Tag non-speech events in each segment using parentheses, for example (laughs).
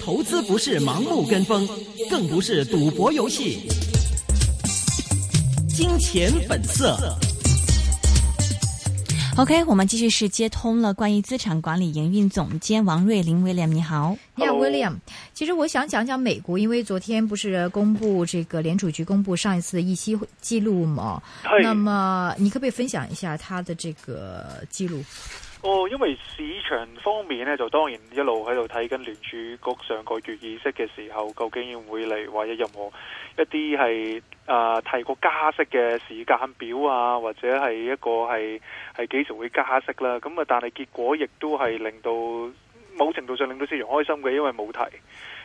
投資不是盲目跟風，更不是賭博遊戲。金錢本色。OK，我們繼續是接通了冠一資產管理營運總監王瑞麟 William，你好，你好 William。其實我想講講美國，因為昨天不是公布這個聯儲局公布上一次的議息會記錄嗎？那麼你可不可以分享一下他的這個記錄？哦，因為市場方面咧，就當然一路喺度睇緊聯儲局上個月議息嘅時候，究竟會唔會嚟，或者任何一啲係啊提過加息嘅時間表啊，或者係一個係係幾時會加息啦。咁啊，但係結果亦都係令到某程度上令到市場開心嘅，因為冇提。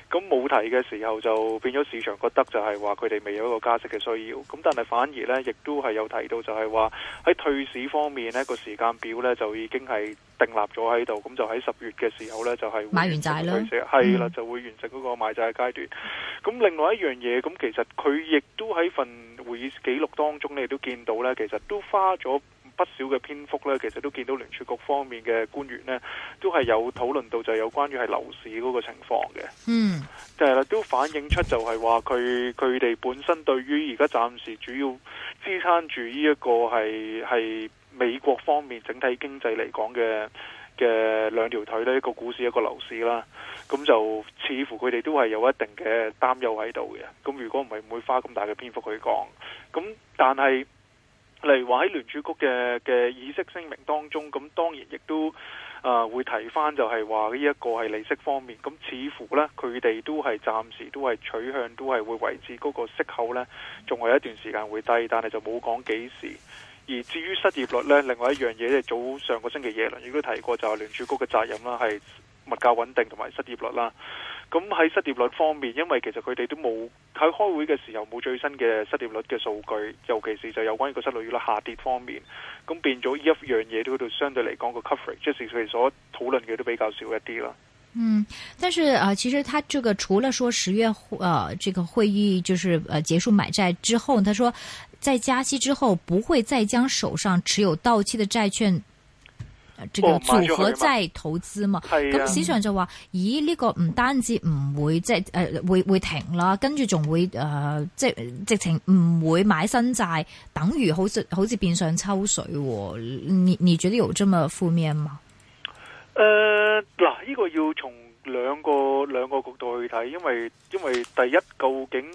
咁冇提嘅時候就變咗市場覺得就係話佢哋未有一個加息嘅需要，咁但係反而呢，亦都係有提到就係話喺退市方面呢、那個時間表呢，就已經係訂立咗喺度，咁就喺十月嘅時候呢，就係、是、買完債就係啦，係啦就會完成嗰個買債嘅階段。咁、嗯、另外一樣嘢，咁其實佢亦都喺份會議記錄當中你都見到呢，其實都花咗。不少嘅篇幅咧，其實都見到聯儲局方面嘅官員呢，都係有討論到就有關於係樓市嗰個情況嘅。嗯，就係、是、啦，都反映出就係話，佢佢哋本身對於而家暫時主要支撐住呢一個係係美國方面整體經濟嚟講嘅嘅兩條腿呢一個股市一個樓市啦。咁就似乎佢哋都係有一定嘅擔憂喺度嘅。咁如果唔係，唔會花咁大嘅篇幅去講。咁但係。例如話喺聯儲局嘅嘅議息聲明當中，咁當然亦都啊、呃、會提返就係話呢一個係利息方面，咁似乎呢，佢哋都係暫時都係取向都係會維持嗰個息口呢，仲有一段時間會低，但係就冇講幾時。而至於失業率呢，另外一樣嘢即係早上個星期夜輪亦都提過，就係聯儲局嘅責任啦，係物價穩定同埋失業率啦。咁喺失業率方面，因為其實佢哋都冇喺開會嘅時候冇最新嘅失業率嘅數據，尤其是就有關於個失業率下跌方面，咁變咗呢一樣嘢都喺度相對嚟講個 coverage，即係佢哋所討論嘅都比較少一啲啦。嗯，但是啊、呃，其實他這個除了說十月，誒、呃，這個會議就是誒結束買債之後，他說在加息之後不會再將手上持有到期的債券，嗯即係組合債投資嘛，咁、哦啊、市場就話，咦呢、這個唔單止唔會即係誒、呃、會會停啦，跟住仲會誒、呃、即係直情唔會買新債，等於好似好似變相抽水 n、哦、你，你覺得有咁負面啊嘛。誒、呃，嗱、這、呢個要從兩個兩個角度去睇，因為因為第一究竟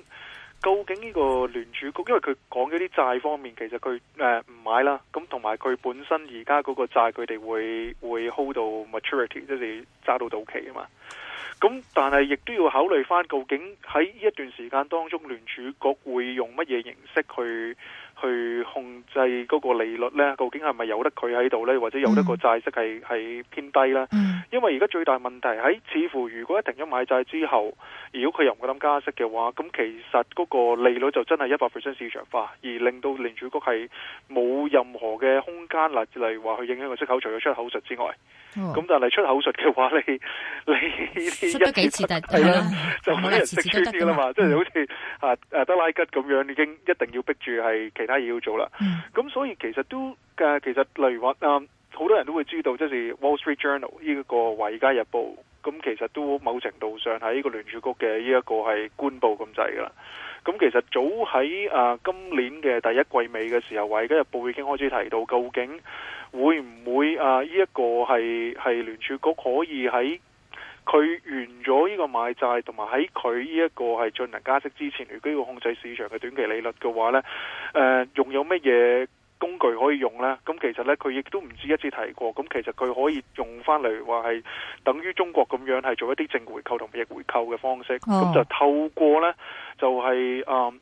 究竟呢個聯儲局，因為佢講咗啲債方面，其實佢誒唔買啦。咁同埋佢本身而家嗰個債，佢哋會會 hold 到 maturity，即係揸到到期啊嘛。咁但係亦都要考慮翻，究竟喺呢一段時間當中，聯儲局會用乜嘢形式去去控制嗰個利率咧，究竟係咪由得佢喺度咧，或者由得那個債息係係、嗯、偏低咧？嗯、因為而家最大問題是，喺、哎，似乎如果一停咗買債之後，如果佢又唔夠膽加息嘅話，咁其實嗰個利率就真係一百 percent 市場化，而令到聯儲局係冇任何嘅空間啦，例如話去影響個出口，除咗出口術之外，咁、嗯、但係出口術嘅話，你你輸咗 (laughs) 幾次就係 (laughs) 啦，就啲人識穿啲啦嘛，即係、嗯、好似啊啊德拉吉咁樣，已經一定要逼住係。其他。要做啦，咁、嗯、所以其實都嘅、啊，其實例如話，嗯、啊，好多人都會知道，即、就是 Wall Street Journal 呢、這個《華爾街日報》，咁其實都某程度上喺呢個聯儲局嘅呢一個係官報咁滯㗎喇。咁其實早喺啊今年嘅第一季尾嘅時候，《華爾街日報》已經開始提到，究竟會唔會啊呢一、這個係係聯儲局可以喺？佢完咗呢個買債，同埋喺佢呢一個係進行加息之前，如果要控制市場嘅短期利率嘅話呢，誒、呃、用有乜嘢工具可以用呢？咁其實呢，佢亦都唔止一次提過。咁其實佢可以用翻嚟話係等於中國咁樣係做一啲正回購同逆回購嘅方式，咁、嗯、就透過呢、就係，就係啊。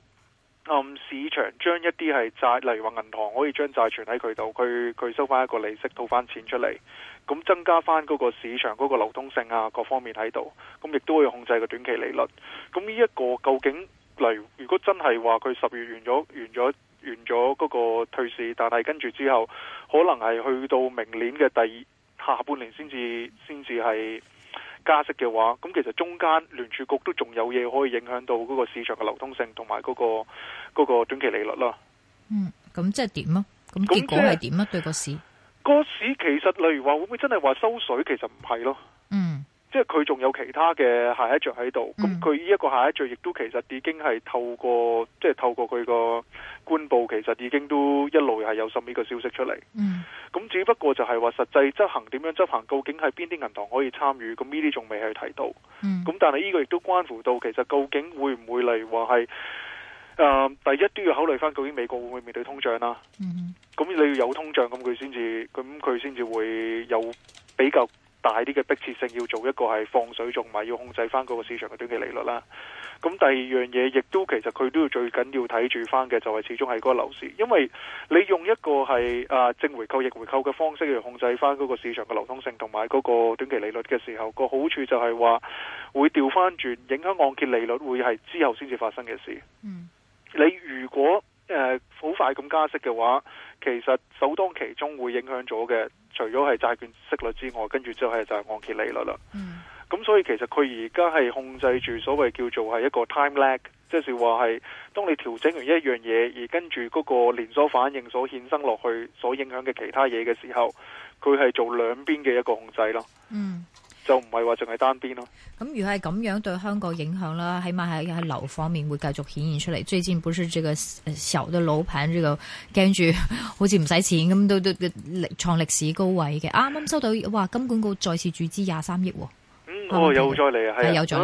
嗯，市場將一啲係債，例如話銀行可以將債存喺佢度，佢佢收翻一個利息，套翻錢出嚟，咁增加翻嗰個市場嗰個流通性啊，各方面喺度，咁亦都會控制個短期利率。咁呢一個究竟例如，如果真係話佢十月完咗，完咗完咗嗰個退市，但係跟住之後，可能係去到明年嘅第二，下半年先至先至係。加息嘅話，咁其實中間聯儲局都仲有嘢，可以影響到嗰個市場嘅流通性同埋嗰個嗰個短期利率咯。嗯，咁即係點啊？咁結果係點啊？對個市，個市其實例如話會唔會真係話收水？其實唔係咯。嗯。即係佢仲有其他嘅下一着喺度，咁佢呢一個下一着亦都其實已經係透過，即、就、係、是、透過佢個官報，其實已經都一路係有滲呢個消息出嚟。咁、嗯、只不過就係話實際執行點樣執行，究竟係邊啲銀行可以參與？咁呢啲仲未去提到。咁、嗯、但係呢個亦都關乎到，其實究竟會唔會嚟話係，誒、呃，第一都要考慮返，究竟美國會唔會面對通脹啦、啊？咁、嗯、你要有通脹，咁佢先至，咁佢先至會有比較。大啲嘅迫切性要做一個係放水，仲埋要控制翻嗰個市場嘅短期利率啦。咁第二樣嘢，亦都其實佢都要最緊要睇住翻嘅，就係始終係嗰個樓市，因為你用一個係啊正回購、逆回購嘅方式去控制翻嗰個市場嘅流通性同埋嗰個短期利率嘅時候，個好處就係話會調翻轉影響按揭利率，會係之後先至發生嘅事。嗯，你如果。誒好，呃、快咁加息嘅話，其實首當其沖會影響咗嘅，除咗係債券息率之外，跟住之後係就係按揭利率啦。嗯，咁所以其實佢而家係控制住所謂叫做係一個 time lag，即是話係當你調整完一樣嘢，而跟住嗰個連鎖反應所衍生落去，所影響嘅其他嘢嘅時候，佢係做兩邊嘅一個控制咯。嗯。Mm. 就唔係話淨係單邊咯。咁如果係咁樣對香港影響啦，起碼喺喺樓方面會繼續顯現出嚟。最近本身呢個時候啲老盤呢、呢個驚住，好似唔使錢咁都都力創歷史高位嘅。啱啱收到哇，金管局再次注資廿三億喎。哦，嗯、又再嚟啊！係啊，又再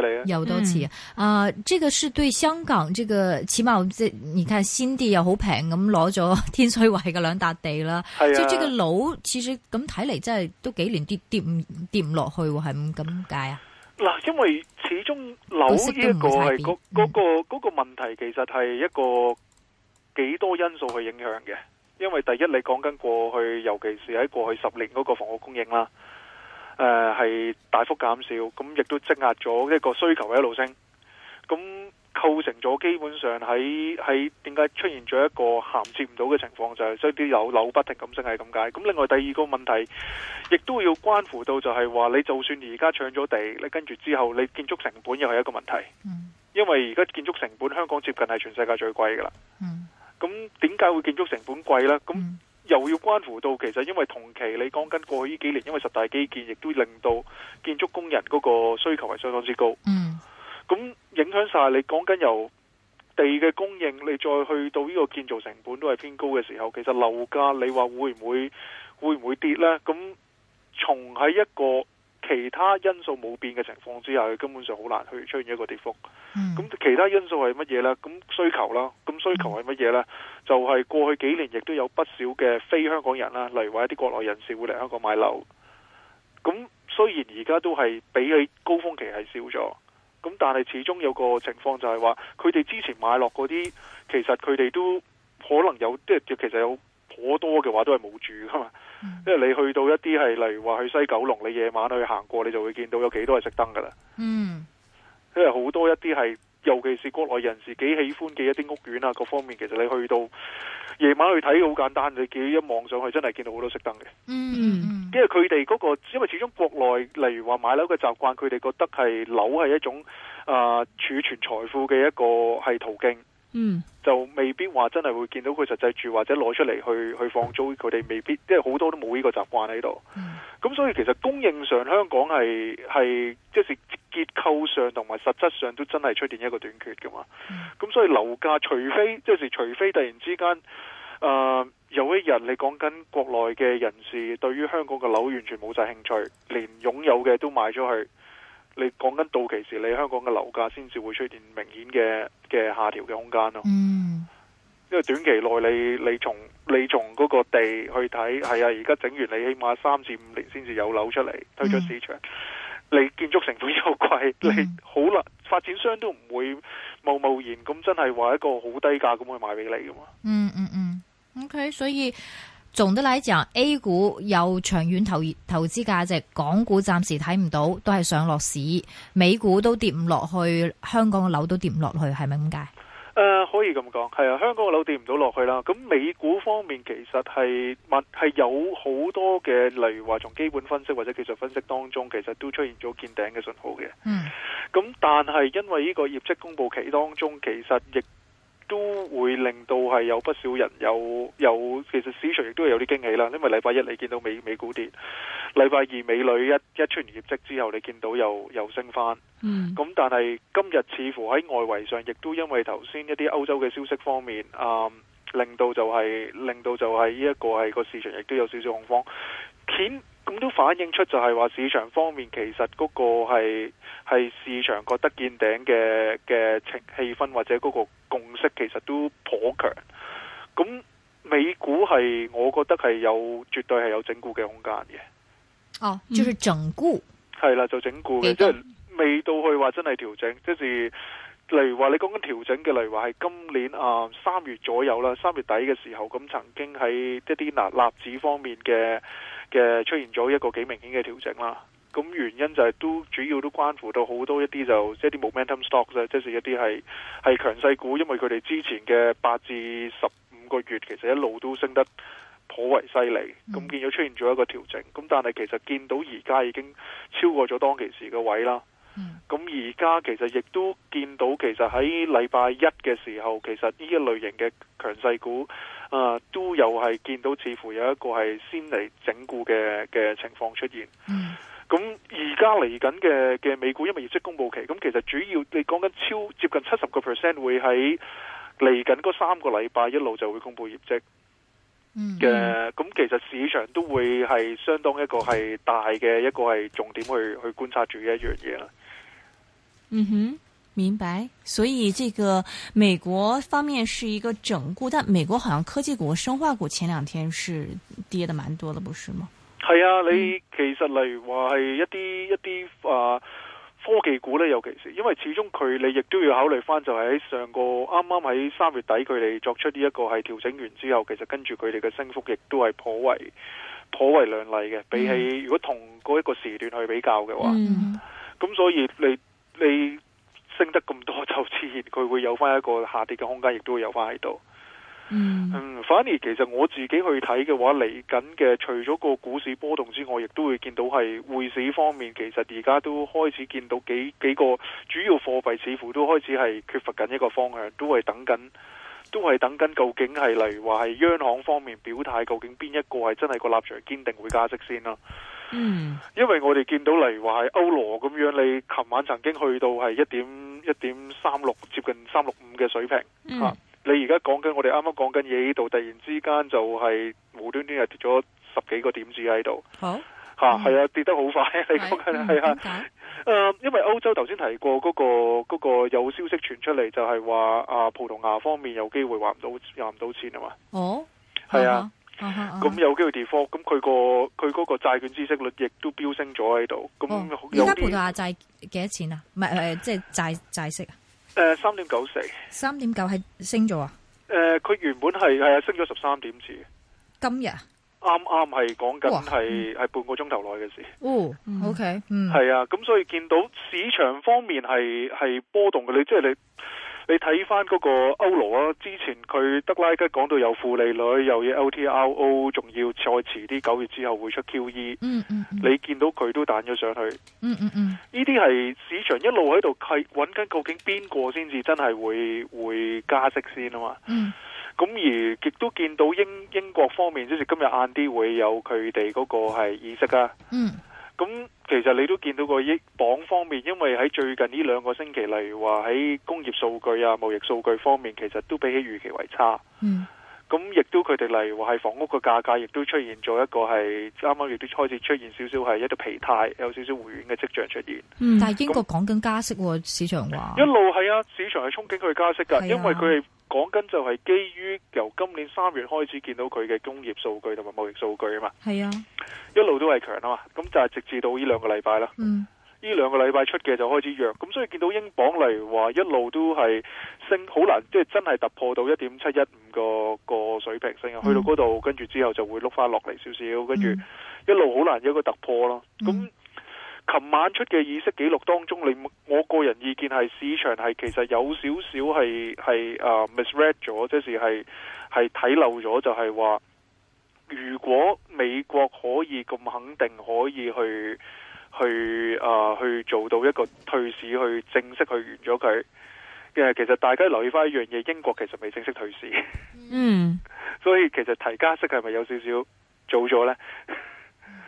嚟啊！又多次啊！嗯、啊，這個是對香港，這個起碼即係，你看新地又好平咁攞咗天水圍嘅兩笪地啦。係啊，即係呢個樓，似似咁睇嚟，真係都幾年跌跌唔跌唔落去，係唔咁解啊？嗱，因為始終樓呢一個係嗰嗰個個問題，其實係一個幾多因素去影響嘅。因為第一，你講緊過去，尤其是喺過去十年嗰個房屋供應啦。誒，係、呃、大幅減少，咁亦都積壓咗一個需求一路升，咁構成咗基本上喺喺點解出現咗一個銜接唔到嘅情況就係即啲有樓不停咁升係咁解。咁另外第二個問題，亦都要關乎到就係話你就算而家搶咗地，你跟住之後你建築成本又係一個問題，嗯、因為而家建築成本香港接近係全世界最貴噶啦。咁點解會建築成本貴呢？咁又要關乎到其實，因為同期你講緊過去呢幾年，因為十大基建亦都令到建築工人嗰個需求係相當之高。嗯，咁影響晒你講緊由地嘅供應，你再去到呢個建造成本都係偏高嘅時候，其實樓價你話會唔會會唔會跌呢？咁從喺一個其他因素冇變嘅情況之下，佢根本上好難去出現一個跌幅。咁、嗯、其他因素係乜嘢咧？咁需求啦。咁需求係乜嘢咧？就係、是、過去幾年亦都有不少嘅非香港人啦，例如話一啲國內人士會嚟香港買樓。咁雖然而家都係比起高峰期係少咗，咁但係始終有個情況就係話，佢哋之前買落嗰啲，其實佢哋都可能有，即係其實有頗多嘅話都係冇住噶嘛。因為你去到一啲係例如話去西九龍，你夜晚去行過，你就會見到有幾多係熄燈噶啦。嗯，因為好多一啲係尤其是國內人士幾喜歡嘅一啲屋苑啊，各方面其實你去到夜晚去睇，好簡單，你自己一望上去，真係見到好多熄燈嘅。嗯，因為佢哋嗰個，因為始終國內例如話買樓嘅習慣，佢哋覺得係樓係一種啊、呃、儲存財富嘅一個係途徑。嗯，mm. 就未必話真係會見到佢實際住或者攞出嚟去去放租，佢哋未必，即係好多都冇呢個習慣喺度。咁、mm. 所以其實供應上香港係係即係結構上同埋實質上都真係出現一個短缺噶嘛。咁、mm. 所以樓價，除非即、就是除非突然之間，誒、呃，有一日你講緊國內嘅人士對於香港嘅樓完全冇晒興趣，連擁有嘅都賣咗去。你講緊到期時，你香港嘅樓價先至會出現明顯嘅嘅下調嘅空間咯。嗯，因為短期內你你從你從嗰個地去睇，係啊，而家整完你起碼三至五年先至有樓出嚟推出市場。嗯、你建築成本又貴，嗯、你好難發展商都唔會貿貿然咁真係話一個好低價咁去賣俾你噶嘛、嗯。嗯嗯嗯，OK，所以。總得嚟住 A 股有長遠投投資價值，港股暫時睇唔到，都係上落市，美股都跌唔落去，香港嘅樓都跌唔落去，係咪咁解？誒、呃，可以咁講，係啊，香港嘅樓跌唔到落去啦。咁美股方面其實係物係有好多嘅，例如話從基本分析或者技術分析當中，其實都出現咗見頂嘅信號嘅。嗯。咁但係因為呢個業績公布期當中，其實亦都會令到係有不少人有有，其實市場亦都有啲驚喜啦。因為禮拜一你見到美美股跌，禮拜二美女一一出完業績之後，你見到又又升翻。嗯，咁、嗯、但係今日似乎喺外圍上亦都因為頭先一啲歐洲嘅消息方面啊、嗯，令到就係、是、令到就係呢一個係個市場亦都有少少恐慌。咁都反映出就係話市場方面其實嗰個係係市場覺得見頂嘅嘅情氣氛或者嗰個共識其實都頗強。咁美股係我覺得係有絕對係有整固嘅空間嘅。哦，就係、是、整固。係啦，就整固嘅，即係較未到去話真係調整，即、就是例如話你講緊調整嘅，例如話係今年啊三月左右啦，三月底嘅時候咁，曾經喺一啲納納指方面嘅。嘅出現咗一個幾明顯嘅調整啦，咁原因就係都主要都關乎到好多一啲就即係、就、啲、是、momentum stocks 即係一啲係係強勢股，因為佢哋之前嘅八至十五個月其實一路都升得頗為犀利，咁見咗出現咗一個調整，咁但係其實見到而家已經超過咗當其時嘅位啦，咁而家其實亦都見到其實喺禮拜一嘅時候，其實呢一類型嘅強勢股。啊，都有係見到，似乎有一個係先嚟整固嘅嘅情況出現。咁而家嚟緊嘅嘅美股，因為業績公布期，咁其實主要你講緊超接近七十個 percent 會喺嚟緊嗰三個禮拜一路就會公布業績。嘅、mm，咁、hmm. 其實市場都會係相當一個係大嘅一個係重點去去觀察住嘅一樣嘢啦。嗯哼、mm。Hmm. 明白，所以這個美國方面是一個整固，但美國好像科技股、生化股前兩天是跌得蠻多的，不是嗎？係啊，你其實例如話係一啲一啲啊科技股咧，尤其是因為始終佢你亦都要考慮翻，就係喺上個啱啱喺三月底佢哋作出呢一個係調整完之後，其實跟住佢哋嘅升幅亦都係頗，頗為頗為亮麗嘅，比起如果同嗰一個時段去比較嘅話，嗯，咁，所以你你。升得咁多就自然佢會有翻一個下跌嘅空間，亦都會有翻喺度。嗯、嗯，反而其實我自己去睇嘅話，嚟緊嘅除咗個股市波動之外，亦都會見到係匯市方面，其實而家都開始見到幾幾個主要貨幣似乎都開始係缺乏緊一個方向，都係等緊，都係等緊究竟係例如話係央行方面表態，究竟邊一個係真係個立場堅定會加息先啦，啊。嗯，因為我哋見到例如話係歐羅咁樣，你琴晚曾經去到係一點一點三六，接近三六五嘅水平。嗯，啊、你而家講緊我哋啱啱講緊嘢呢度，突然之間就係無端端係跌咗十幾個點子喺度。吓係、嗯、啊，啊，跌得好快。你講緊係、嗯、啊，誒、啊，因為歐洲頭先提過嗰、嗰個、嗰個有消息傳出嚟，就係話啊葡萄牙方面有機會還唔到還唔到錢啊嘛。是哦，係啊。啊。咁、uh huh, uh huh. 有幾、個地方，咁佢個佢嗰個債券孳息率亦都飆升咗喺度。咁而家葡萄牙債幾多錢啊？唔係誒，即、呃、係、就是、債債息。誒、呃，三點九四。三點九係升咗啊？誒、呃，佢原本係係、呃、升咗十三點字。今日啱啱係講緊係係半個鐘頭內嘅事。哦嗯，OK，嗯，係啊，咁所以見到市場方面係係波動嘅，你即係。你睇翻嗰個歐羅啊，之前佢德拉吉講到有負利率，又有 LTRO，仲要再遲啲九月之後會出 QE。嗯。嗯嗯、你見到佢都彈咗上去。呢啲係市場一路喺度揾緊究竟邊個先至真係會會加息先啊嘛。咁、嗯、而亦都見到英英國方面，即、就是今日晏啲會有佢哋嗰個係意識啊。嗯咁其實你都見到個益榜方面，因為喺最近呢兩個星期，例如話喺工業數據啊、貿易數據方面，其實都比起預期為差。嗯。咁亦都佢哋例如話係房屋嘅價格，亦都出現咗一個係啱啱亦都開始出現少少係一啲疲態，有少少回暖嘅跡象出現。嗯。但係英國講緊那加息，市場話。一路係啊，市場係、啊、憧憬佢加息㗎，啊、因為佢。講緊就係基於由今年三月開始見到佢嘅工業數據同埋貿易數據啊嘛。係啊，一路都係強啊嘛，咁就係直至到呢兩個禮拜啦。嗯，呢兩個禮拜出嘅就開始弱，咁所以見到英鎊嚟話一路都係升，好難即係真係突破到一點七一五個個水平升啊，去到嗰度，跟住之後就會碌翻落嚟少少，跟住一路好難有一個突破咯，咁。琴晚出嘅意識記錄當中，你我個人意見係市場係其實有少少係係啊 misread 咗，即是係係睇漏咗，就係話如果美國可以咁肯定可以去去啊去做到一個退市去正式去完咗佢嘅，其實大家留意返一樣嘢，英國其實未正式退市，嗯，mm. (laughs) 所以其實提加息係咪有少少早咗呢？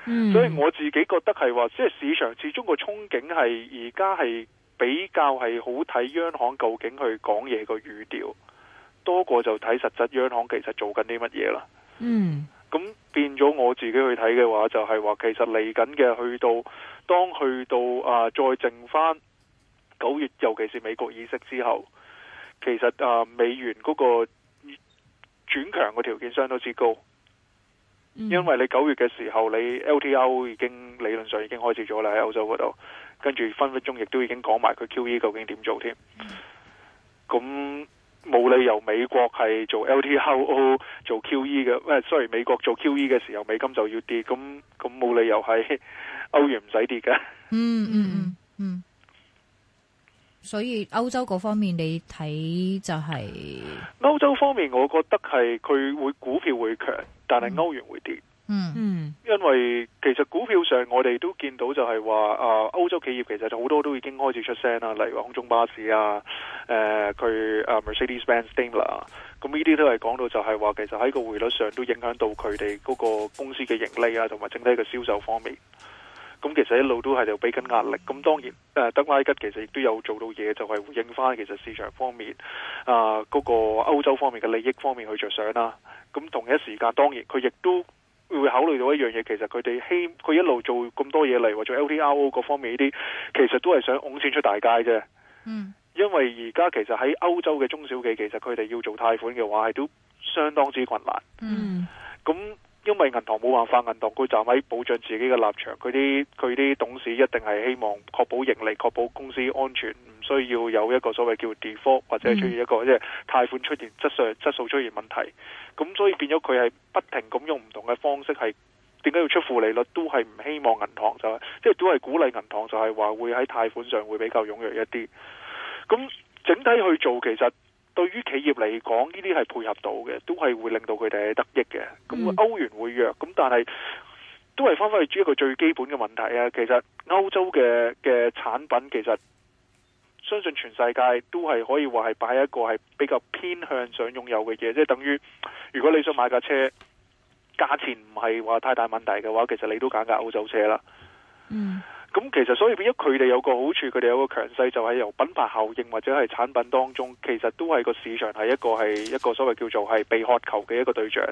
所以我自己覺得係話，即係市場始終個憧憬係而家係比較係好睇央行究竟去講嘢個語調，多過就睇實質央行其實做緊啲乜嘢啦。嗯，咁變咗我自己去睇嘅話，就係話其實嚟緊嘅去到，當去到啊再剩翻九月，尤其是美國議息之後，其實啊美元嗰個轉強嘅條件相當之高。嗯、因為你九月嘅時候，你 LTO 已經理論上已經開始咗啦，喺歐洲嗰度，跟住分分鐘亦都已經講埋佢 QE 究竟點做添。咁冇、嗯、理由美國係做 LTO 做 QE 嘅，喂、sorry，雖然美國做 QE 嘅時候美金就要跌，咁咁冇理由係歐元唔使跌㗎，嗯。嗯嗯嗯。嗯所以歐洲嗰方面你看，就是，你睇就係歐洲方面，我覺得係佢會股票會強，但係歐元會跌。嗯嗯，因為其實股票上我哋都見到就係話啊，歐洲企業其實好多都已經開始出聲啦，例如話空中巴士啊，誒佢誒 Mercedes Benz Daimler 啦，咁呢啲都係講到就係話其實喺個匯率上都影響到佢哋嗰個公司嘅盈利啊，同埋整體嘅銷售方面。咁其實一路都係就俾緊壓力，咁當然，誒德拉吉其實亦都有做到嘢，就係回應翻其實市場方面，啊嗰個歐洲方面嘅利益方面去着想啦。咁同一時間當然佢亦都會考慮到一樣嘢，其實佢哋希佢一路做咁多嘢嚟或者 LTRO 嗰方面呢啲，其實都係想湧錢出大街啫。嗯，因為而家其實喺歐洲嘅中小企，其實佢哋要做貸款嘅話，係都相當之困難。嗯，咁。因為銀行冇辦法，銀行佢站喺保障自己嘅立場，佢啲佢啲董事一定係希望確保盈利、確保公司安全，唔需要有一個所謂叫 default，或者出現一個即係、嗯、貸款出現質上質素出現問題，咁所以變咗佢係不停咁用唔同嘅方式係點解要出負利率，都係唔希望銀行就係即係都係鼓勵銀行就係話會喺貸款上會比較踴躍一啲，咁整體去做其實。對於企業嚟講，呢啲係配合到嘅，都係會令到佢哋得益嘅。咁歐元會弱，咁但係都係翻返去煮一個最基本嘅問題啊。其實歐洲嘅嘅產品，其實相信全世界都係可以話係擺一個係比較偏向想擁有嘅嘢，即係等於如果你想買架車，價錢唔係話太大問題嘅話，其實你都揀架歐洲車啦。嗯。咁其實所以變咗佢哋有個好處，佢哋有個強勢就係由品牌效應或者係產品當中，其實都係個市場係一個係一個所謂叫做係被渴求嘅一個對象。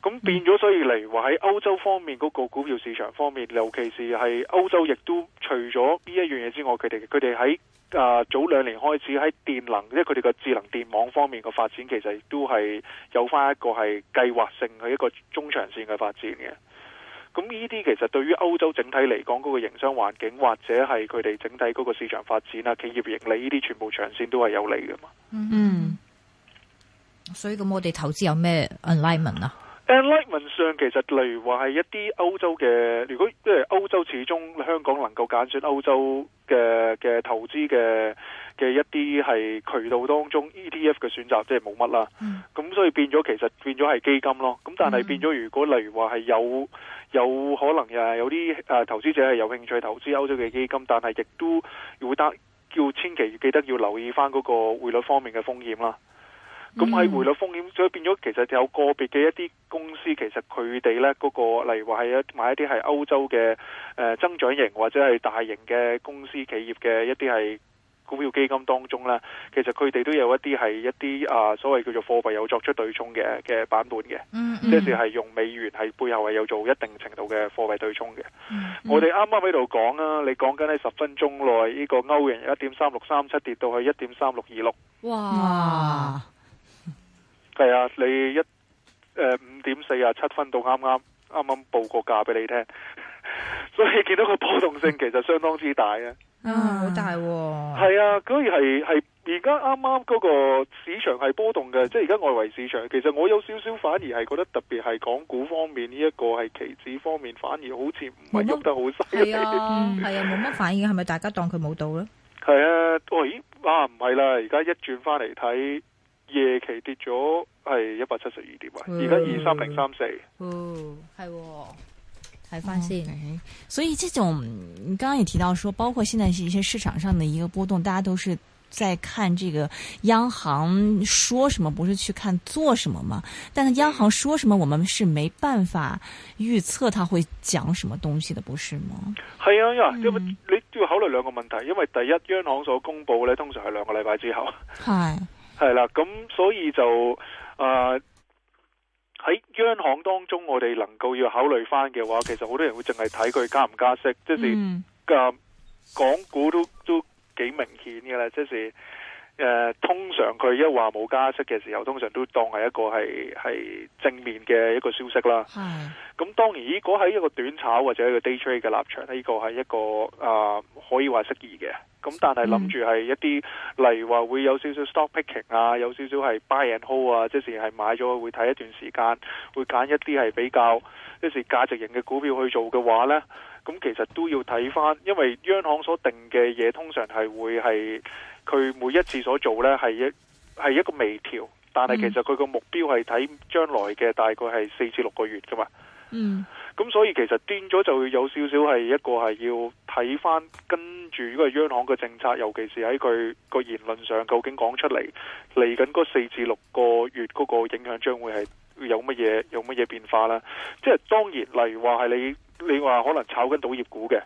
咁變咗，所以嚟話喺歐洲方面嗰個股票市場方面，尤其是係歐洲亦都除咗呢一樣嘢之外，佢哋佢哋喺啊早兩年開始喺電能，即係佢哋個智能電網方面嘅發展，其實亦都係有翻一個係計劃性嘅一個中長線嘅發展嘅。咁呢啲其實對於歐洲整體嚟講，嗰、那個營商環境或者係佢哋整體嗰個市場發展啊、企業盈利呢啲，全部長線都係有利噶嘛。嗯，所以咁我哋投資有咩 alignment 啊？alignment 上其實例如話係一啲歐洲嘅，如果即係歐洲始終香港能夠揀選歐洲嘅嘅投資嘅嘅一啲係渠道當中 ETF 嘅選擇，即係冇乜啦。咁、嗯、所以變咗其實變咗係基金咯。咁但係變咗如果、嗯、例如話係有。有可能啊，有啲啊投資者係有興趣投資歐洲嘅基金，但係亦都要得叫千祈記得要留意返嗰個匯率方面嘅風險啦。咁喺匯率風險，所以變咗其實有個別嘅一啲公司，其實佢哋呢嗰個，例如話係啊買一啲係歐洲嘅誒增長型或者係大型嘅公司企業嘅一啲係股票基金當中呢，其實佢哋都有一啲係一啲啊，所謂叫做貨幣有作出對沖嘅嘅版本嘅，即係係用美元係背後係有做一定程度嘅貨幣對沖嘅。嗯嗯、我哋啱啱喺度講啊，你講緊喺十分鐘內呢、呢個歐元由一點三六三七跌到去一點三六二六。哇！係啊，你一誒五點四啊七分到啱啱啱啱報個價俾你聽， (laughs) 所以見到個波動性其實相當之大啊。啊，好大喎、哦！係啊，所以係係而家啱啱嗰個市場係波動嘅，即係而家外圍市場。其實我有少少反而係覺得特別係港股方面呢一、這個係期指方面，反而好似唔係喐得好犀利。係啊，冇乜、啊、反應，係咪大家當佢冇到呢？係啊，喂、哎、咦啊，唔係啦，而家一轉翻嚟睇夜期跌咗係一百七十二點啊，而家二三零三四。嗯嗯、哦，係喎。嗯、所以這種，你剛剛也提到說，包括現在是一些市場上的一個波動，大家都是在看這個央行說什麼，不是去看做什麼嘛。但是央行說什麼，我們是沒辦法預測他會講什麼東西的，不是嗎？係啊、嗯，因為你都要考慮兩個問題，因為第一，央行所公布呢，通常係兩個禮拜之後，係係啦，咁所以就啊。呃喺央行當中，我哋能夠要考慮翻嘅話，其實好多人會淨係睇佢加唔加息，即係，嗯，啊，港股都都幾明顯嘅啦，即係。誒、uh, 通常佢一話冇加息嘅時候，通常都當係一個係係正面嘅一個消息啦。咁的當然如果喺一個短炒或者一個 day trade 嘅立場呢，呢個係一個啊，uh, 可以話適宜嘅。咁但係諗住係一啲，嗯、例如話會有少少 stock picking 啊，有少少係 buy and hold 啊，即，就是係買咗會睇一段時間，會揀一啲係比較即，就是價值型嘅股票去做嘅話呢，咁其實都要睇翻，因為央行所定嘅嘢通常係會係。佢每一次所做呢，係一係一個微調，但係其實佢個目標係睇將來嘅，大概係四至六個月噶嘛。嗯，咁所以其實端咗就會有少少係一個係要睇翻跟住嗰個央行嘅政策，尤其是喺佢個言論上究竟講出嚟，嚟緊嗰四至六個月嗰個影響將會係有乜嘢有乜嘢變化啦，即係當然，例如話係你你話可能炒緊賭業股嘅。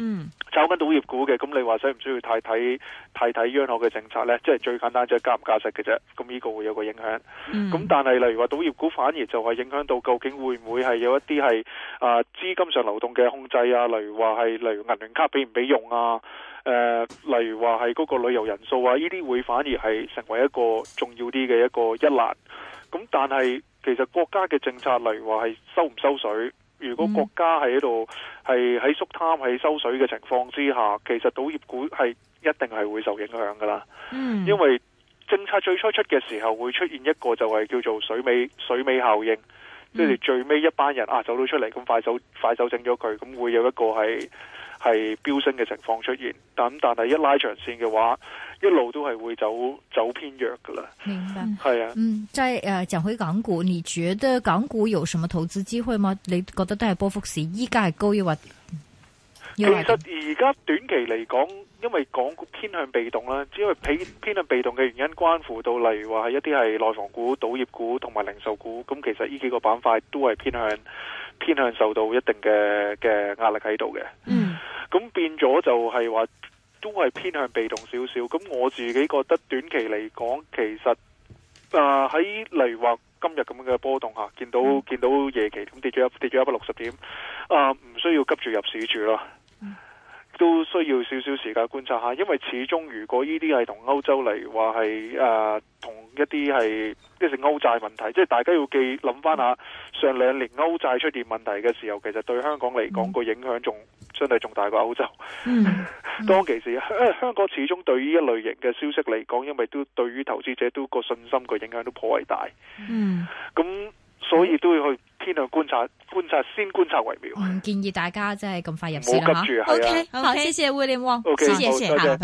嗯，炒緊賭業股嘅，咁你話使唔需要太睇太睇央行嘅政策呢？即、就、係、係、最簡單加加，即係加唔加息嘅啫。咁呢個會有個影響。咁、嗯、但係，例如話賭業股反而就係影響到，究竟會唔會係有一啲係、啊、資金上流動嘅控制啊？例如話係，例如銀聯卡俾唔俾用啊？呃、例如話係嗰個旅遊人數啊，呢啲會反而係成為一個重要啲嘅一個一難。咁但係其實國家嘅政策，例如話係收唔收水。如果國家喺度係喺肅貪、喺收水嘅情況之下，其實賭業股係一定係會受影響噶啦。嗯、因為政策最初出嘅時候，會出現一個就係叫做水尾水尾效應，即、就、係、是、最尾一班人、嗯、啊走咗出嚟，咁快手快手整咗佢，咁會有一個係，係飆升嘅情況出現，但咁但係一拉長線嘅話，一路都係會走、嗯、走偏弱噶啦。明白，係啊，嗯，即係誒，講回港股，你覺得港股有什麼投資機會嗎？你覺得都係波幅市依家係高，抑或？其實而家短期嚟講，因為港股偏向被動啦、啊，只因為偏偏向被動嘅原因，關乎到例如話係一啲係內房股、賭業股同埋零售股，咁、嗯、其實呢幾個板塊都係偏向。偏向受到一定嘅嘅壓力喺度嘅，咁、嗯、變咗就係話都係偏向被動少少。咁我自己覺得短期嚟講，其實啊喺、呃、例如話今日咁嘅波動嚇，見到、嗯、見到夜期咁跌咗跌咗一百六十點，啊、呃、唔需要急住入市住咯。都需要少少時間觀察一下，因為始終如果呢啲係同歐洲嚟話係誒，同、呃、一啲係即係歐債問題，即、就、係、是、大家要記諗翻下上兩年歐債出現問題嘅時候，其實對香港嚟講個影響仲相對仲大過歐洲。嗯嗯、 (laughs) 當其時香港始終對呢一類型嘅消息嚟講，因為都對於投資者都個信心個影響都頗為大。嗯，咁所以都要去。先去觀察，觀察先觀察為妙。唔建議大家即係咁快入市啦嚇。OK，OK，好，謝謝 William Wong。多